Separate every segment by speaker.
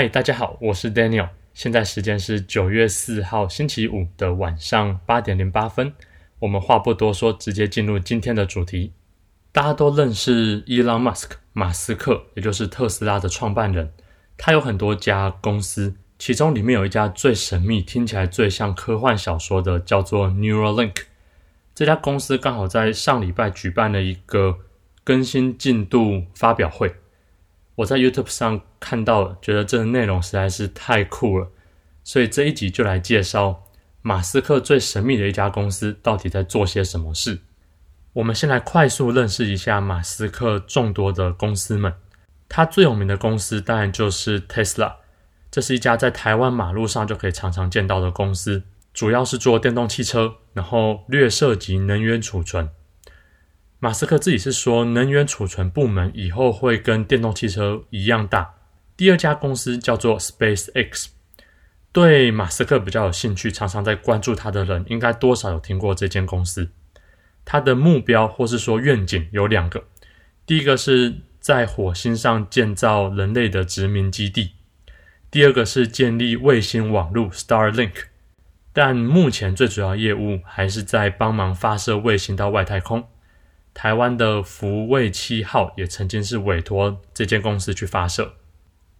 Speaker 1: 嗨，Hi, 大家好，我是 Daniel，現在時間是九月四號星期五的晚上八點零八分。我們話不多說，直接進入今天的主題。大家都認識 Elon Musk 馬斯克，也就是特斯拉的創辦人。他有很多家公司，其中裡面有一家最神秘，聽起來最像科幻小說的，叫做 Neuralink。這家公司剛好在上禮拜舉辦了一個更新進度發表會。我在 YouTube 上看到了，覺得這個內容實在是太酷了，所以這一集就來介紹馬斯克最神秘的一家公司到底在做些什麼事。我們先來快速認識一下馬斯克眾多的公司們。他最有名的公司當然就是 Tesla，這是一家在台灣馬路上就可以常常見到的公司，主要是做電動汽車，然後略涉及能源儲存。馬斯克自己是說，能源儲存部門以後會跟電動汽車一樣大。第二家公司叫做 SpaceX，對馬斯克比較有興趣，常常在關注他的人，應該多少有聽過這間公司。他的目標或是說願景有兩個，第一個是在火星上建造人類的殖民基地，第二個是建立衛星網絡 Starlink。但目前最主要業務還是在幫忙發射衛星到外太空。台灣的福衛七號也曾經是委托這間公司去發射。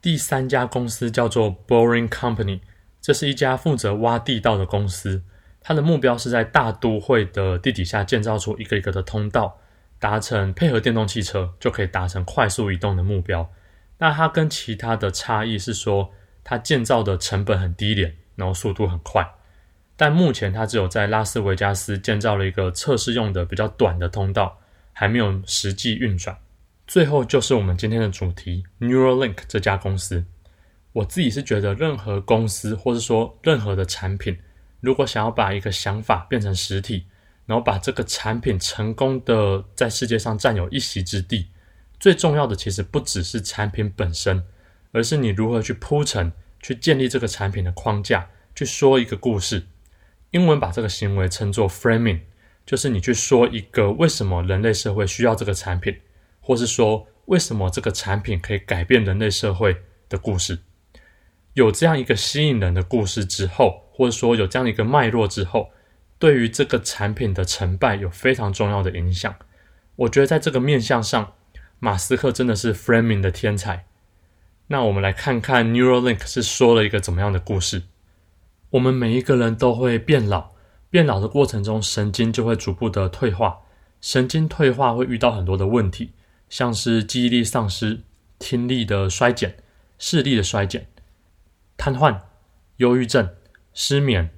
Speaker 1: 第三家公司叫做 Boring Company，這是一家負責挖地道的公司。它的目標是在大都會的地底下建造出一個一個的通道，達成配合電動汽車就可以達成快速移動的目標。那它跟其他的差異是說，它建造的成本很低廉，然後速度很快。但目前它只有在拉斯維加斯建造了一個測試用的比較短的通道。還沒有實際運轉。最後就是我們今天的主題，Neuralink 這家公司。我自己是覺得，任何公司或者是說任何的產品，如果想要把一個想法變成實體，然後把這個產品成功的在世界上占有一席之地，最重要的其實不只是產品本身，而是你如何去鋪陳、去建立這個產品的框架、去說一個故事。英文把這個行為稱作 “framing”。就是你去說一個為什麼人類社會需要這個產品，或是說為什麼這個產品可以改變人類社會的故事，有這樣一個吸引人的故事之後，或者說有這樣一個脈絡之後，對於這個產品的成敗有非常重要的影響。我覺得在這個面向上，馬斯克真的是 framing 的天才。那我們來看看 Neuralink 是說了一個怎麼樣的故事。我們每一個人都會變老。變老的過程中，神經就會逐步的退化，神經退化會遇到很多的問題，像是記憶力喪失、聽力的衰減、視力的衰減、癱瘓、憂鬱症、失眠、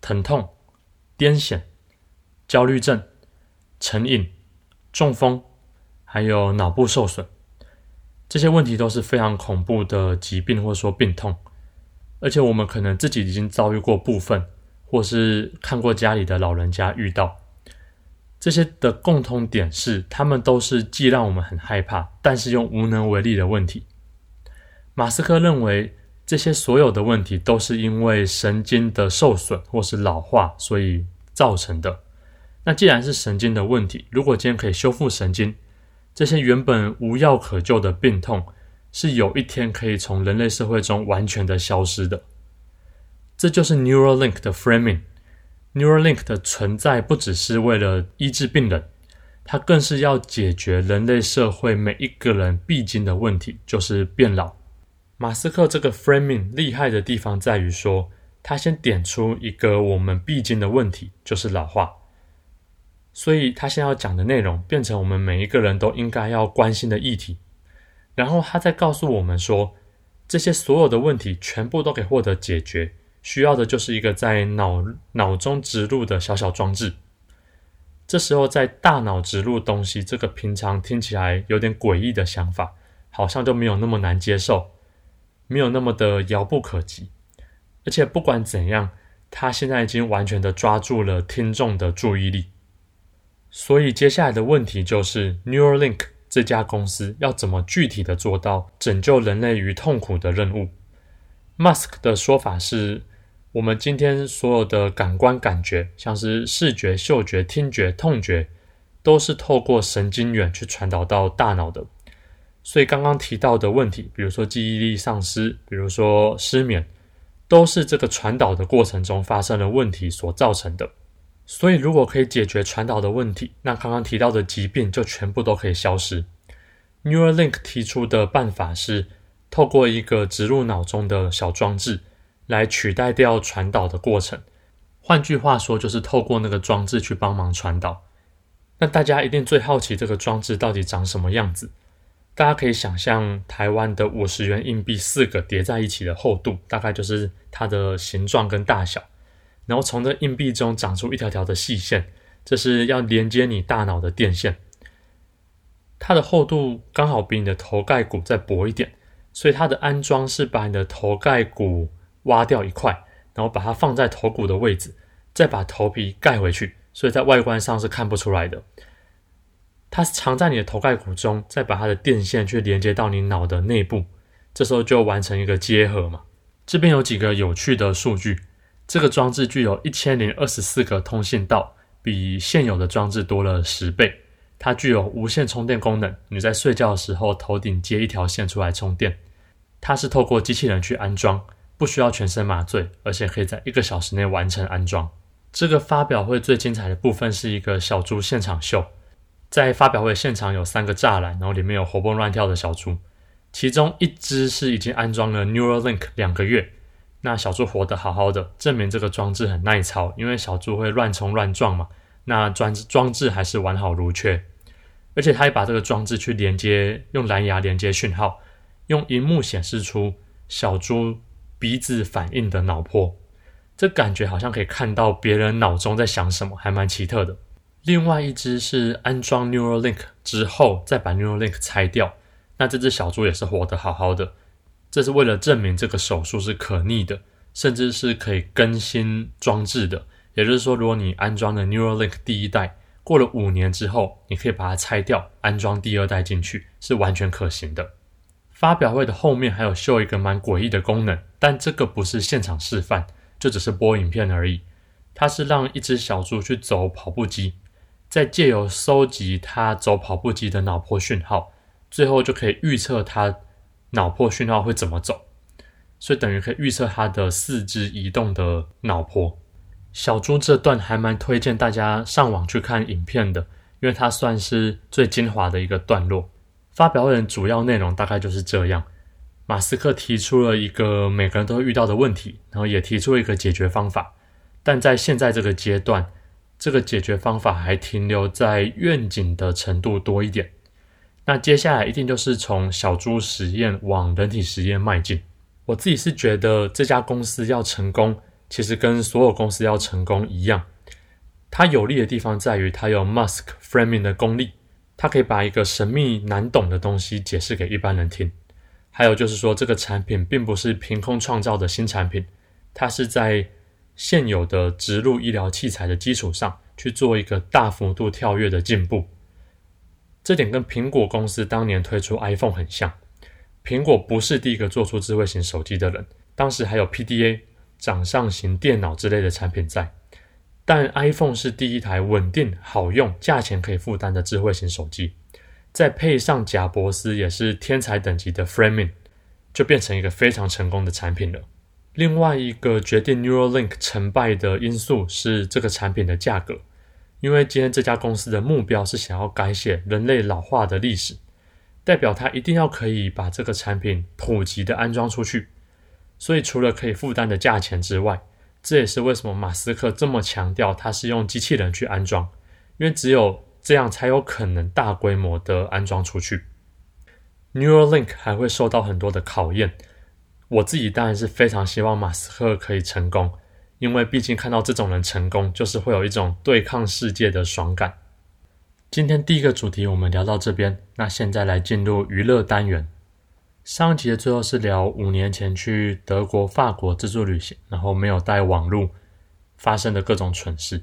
Speaker 1: 疼痛、癲癇、焦慮症、成癮、中風，還有腦部受損，這些問題都是非常恐怖的疾病或者說病痛，而且我們可能自己已經遭遇過部分。或是看過家裡的老人家遇到這些的共通點是，他們都是既讓我們很害怕，但是又無能為力的問題。馬斯克認為，這些所有的問題都是因為神經的受損或是老化，所以造成的。那既然是神經的問題，如果今天可以修復神經，這些原本無藥可救的病痛，是有一天可以從人類社會中完全的消失的。這就是 Neuralink 的 framing。Neuralink 的存在不只是為了醫治病人，它更是要解決人類社會每一個人必經的問題，就是變老。馬斯克這個 framing 厲害的地方在於說，他先點出一個我們必經的問題，就是老化。所以他先要講的內容變成我們每一個人都應該要關心的議題，然後他再告訴我們說，這些所有的問題全部都可以獲得解決。需要的就是一個在腦腦中植入的小小裝置。這時候，在大腦植入東西，這個平常聽起來有點詭異的想法，好像就沒有那麼難接受，沒有那麼的遙不可及。而且不管怎樣，他現在已經完全的抓住了聽眾的注意力。所以接下來的問題就是，Neuralink 這家公司要怎麼具體的做到拯救人類於痛苦的任務？Musk 的說法是，我們今天所有的感官感覺，像是視覺、嗅覺、聽覺、痛覺，都是透過神經元去傳導到大腦的。所以剛剛提到的問題，比如說記憶力喪失，比如說失眠，都是這個傳導的過程中發生了問題所造成的。所以如果可以解決傳導的問題，那剛剛提到的疾病就全部都可以消失。Neuralink 提出的辦法是透過一個植入腦中的小裝置。來取代掉傳導的過程，換句話說，就是透過那個裝置去幫忙傳導。那大家一定最好奇這個裝置到底長什麼樣子？大家可以想象台灣的五十元硬幣四個疊在一起的厚度，大概就是它的形狀跟大小。然後從這硬幣中長出一條條的細線，這是要連接你大腦的電線。它的厚度剛好比你的頭蓋骨再薄一點，所以它的安裝是把你的頭蓋骨。挖掉一塊，然後把它放在頭骨的位置，再把頭皮蓋回去，所以在外觀上是看不出來的。它是藏在你的頭蓋骨中，再把它的電線去連接到你腦的內部，這時候就完成一個接合嘛。這邊有幾個有趣的數據：這個裝置具有一千零二十四個通信道，比現有的裝置多了十倍。它具有無線充電功能，你在睡覺的時候頭頂接一條線出來充電。它是透過機器人去安裝。不需要全身麻醉，而且可以在一個小時內完成安裝。這個發表會最精彩的部分是一個小豬現場秀。在發表會現場有三個柵欄，然後裡面有活蹦亂跳的小豬，其中一只是已經安裝了 Neuralink 兩個月，那小豬活得好好的，證明這個裝置很耐操，因為小豬會亂衝亂撞嘛。那裝置裝置還是完好如初，而且他也把這個裝置去連接，用藍牙連接訊號，用熒幕顯示出小豬，鼻子反應的腦波，這感覺好像可以看到別人腦中在想什麼，還蠻奇特的。另外一隻是安裝 Neuralink 之後再把 Neuralink 拆掉，那這隻小豬也是活得好好的。這是為了證明這個手術是可逆的，甚至是可以更新裝置的。也就是說，如果你安裝了 Neuralink 第一代，過了五年之後，你可以把它拆掉，安裝第二代進去，是完全可行的。發表會的後面還有秀一個蠻詭異的功能，但這個不是現場示範，就只是播影片而已。它是讓一隻小豬去走跑步機，再借由收集它走跑步機的腦波訊號，最後就可以預測它腦波訊號會怎麼走，所以等於可以預測它的四肢移動的腦波。小豬這段還蠻推薦大家上網去看影片的，因為它算是最精華的一個段落。發表的主要內容大概就是這樣。馬斯克提出了一個每個人都會遇到的問題，然後也提出了一個解決方法。但在現在這個階段，這個解決方法還停留在願景的程度多一點。那接下來一定就是從小豬實驗往人體實驗邁進。我自己是覺得這家公司要成功，其實跟所有公司要成功一樣。它有利的地方在於它有 Musk framing 的功力。他可以把一個神秘難懂的東西解釋給一般人聽，還有就是說，這個產品並不是憑空創造的新產品，它是在現有的植入醫療器材的基礎上去做一個大幅度跳躍的進步。這點跟蘋果公司當年推出 iPhone 很像，蘋果不是第一個做出智慧型手機的人，當時還有 PDA、掌上型電腦之類的產品在。但 iPhone 是第一台穩定、好用、價錢可以負擔的智慧型手機，再配上賈伯斯也是天才等級的 framing，就變成一個非常成功的產品了。另外一個決定 Neuralink 成敗的因素是這個產品的價格，因為今天這家公司的目標是想要改寫人類老化的歷史，代表它一定要可以把這個產品普及的安裝出去，所以除了可以負擔的價錢之外，這也是為什麼馬斯克這麼強調他是用機器人去安裝，因為只有這樣才有可能大規模的安裝出去。Neuralink 還會受到很多的考驗，我自己當然是非常希望馬斯克可以成功，因為畢竟看到這種人成功，就是會有一種對抗世界的爽感。今天第一個主題我們聊到這邊，那現在來進入娛樂單元。上一集的最後是聊五年前去德國、法國自助旅行，然後沒有帶網絡發生的各種蠢事。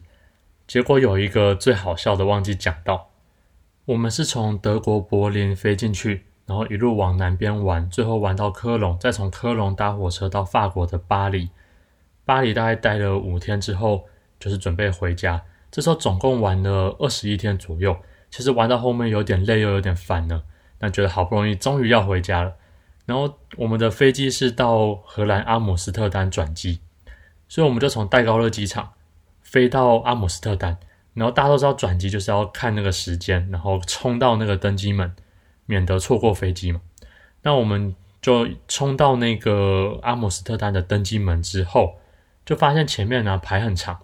Speaker 1: 結果有一個最好笑的忘記講到，我們是從德國柏林飛進去，然後一路往南邊玩，最後玩到科隆，再從科隆搭火車到法國的巴黎。巴黎大概待了五天之後，就是準備回家。這時候總共玩了二十一天左右，其實玩到後面有點累又有點煩了，但覺得好不容易終於要回家了。然後我們的飛機是到荷蘭阿姆斯特丹轉機，所以我們就從戴高樂機場飛到阿姆斯特丹。然後大家都知道轉機就是要看那個時間，然後衝到那個登機門，免得錯過飛機嘛。那我們就衝到那個阿姆斯特丹的登機門之後，就發現前面呢排很長，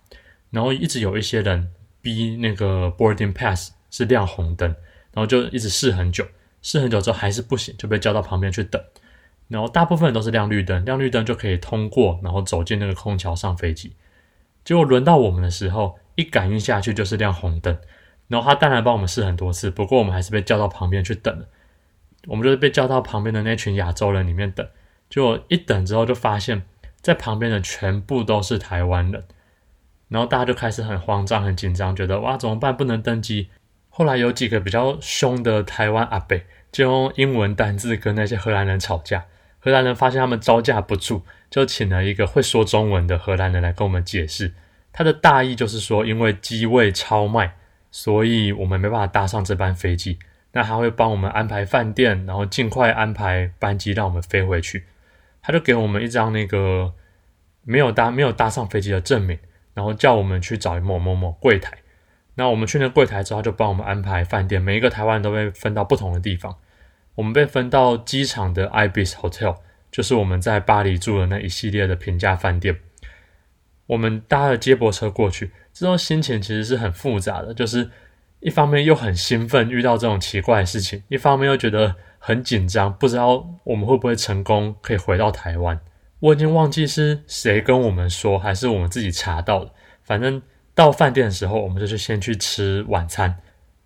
Speaker 1: 然後一直有一些人逼那個 boarding pass 是亮紅燈，然後就一直試很久。試很久之後還是不行，就被叫到旁邊去等。然後大部分都是亮綠燈，亮綠燈就可以通過，然後走進那個空橋上飛機。結果輪到我們的時候，一感應下去就是亮紅燈，然後他當然幫我們試很多次，不過我們還是被叫到旁邊去等。我們就是被叫到旁邊的那群亞洲人裡面等。結果一等之後，就發現，在旁邊的全部都是台灣人，然後大家就開始很慌張、很緊張，覺得哇怎麼辦？不能登機。後來有幾個比較兇的台灣阿北，就用英文單字跟那些荷蘭人吵架。荷蘭人發現他們招架不住，就請了一個會說中文的荷蘭人來跟我們解釋。他的大意就是說，因為機位超賣，所以我們沒辦法搭上這班飛機。那他會幫我們安排飯店，然後盡快安排班機讓我們飛回去。他就給我們一張那個沒有搭、沒有搭上飛機的證明，然後叫我們去找某某某櫃、櫃、櫃檯。那我們去了櫃檯之後，就幫我們安排飯店。每一個台灣人都被分到不同的地方。我們被分到機場的 Ibis Hotel，就是我們在巴黎住的那一系列的平價飯店。我們搭了接駁車過去，這種心情其實是很複雜的，就是一方面又很興奮遇到這種奇怪的事情，一方面又覺得很緊張，不知道我們會不會成功可以回到台灣。我已經忘記是誰跟我們說，還是我們自己查到的，反正。到飯店的時候，我們就去先去吃晚餐。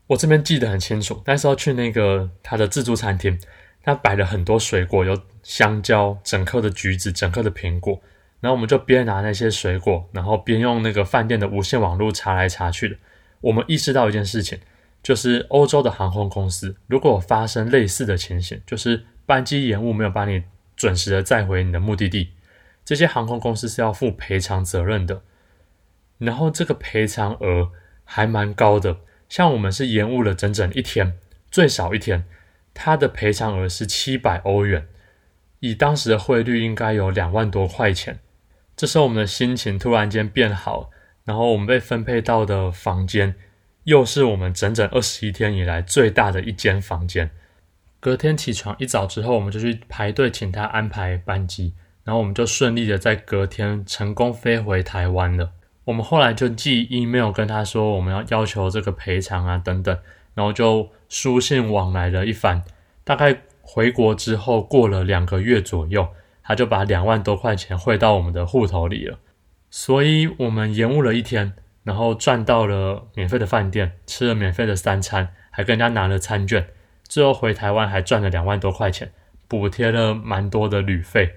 Speaker 1: 我這邊記得很清楚，那時候去那個他的自助餐廳，他擺了很多水果，有香蕉、整顆的橘子、整顆的蘋果。然後我們就邊拿那些水果，然後邊用那個飯店的無線網絡查來查去的。我們意識到一件事情，就是歐洲的航空公司如果發生類似的情形，就是班機延誤沒有把你準時的載回你的目的地，這些航空公司是要負賠償責任的。然後這個賠償額還蠻高的，像我們是延誤了整整一天，最少一天，他的賠償額是七百歐元，以當時的匯率應該有兩萬多塊錢。這時候我們的心情突然間變好，然後我們被分配到的房間，又是我們整整二十一天以來最大的一間房間。隔天起床一早之後，我們就去排隊請他安排班機，然後我們就順利的在隔天成功飛回台灣了。我們後來就寄 email 跟他說，我們要要求這個賠償啊等等，然後就書信往來了一番。大概回國之後過了兩個月左右，他就把兩萬多塊錢匯到我們的戶頭裡了。所以我們延誤了一天，然後賺到了免費的飯店，吃了免費的三餐，還跟人家拿了餐券。最後回台灣還賺了兩萬多塊錢，補貼了蠻多的旅費，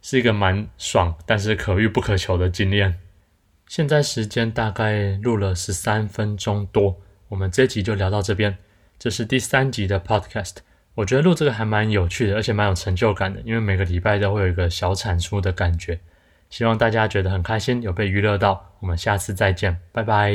Speaker 1: 是一個蠻爽但是可遇不可求的經驗。現在時間大概錄了十三分鐘多，我們這一集就聊到這邊。這是第三集的 Podcast，我覺得錄這個還蠻有趣的，而且蠻有成就感的，因為每個禮拜都會有一個小產出的感覺。希望大家覺得很開心，有被娛樂到。我們下次再見，拜拜。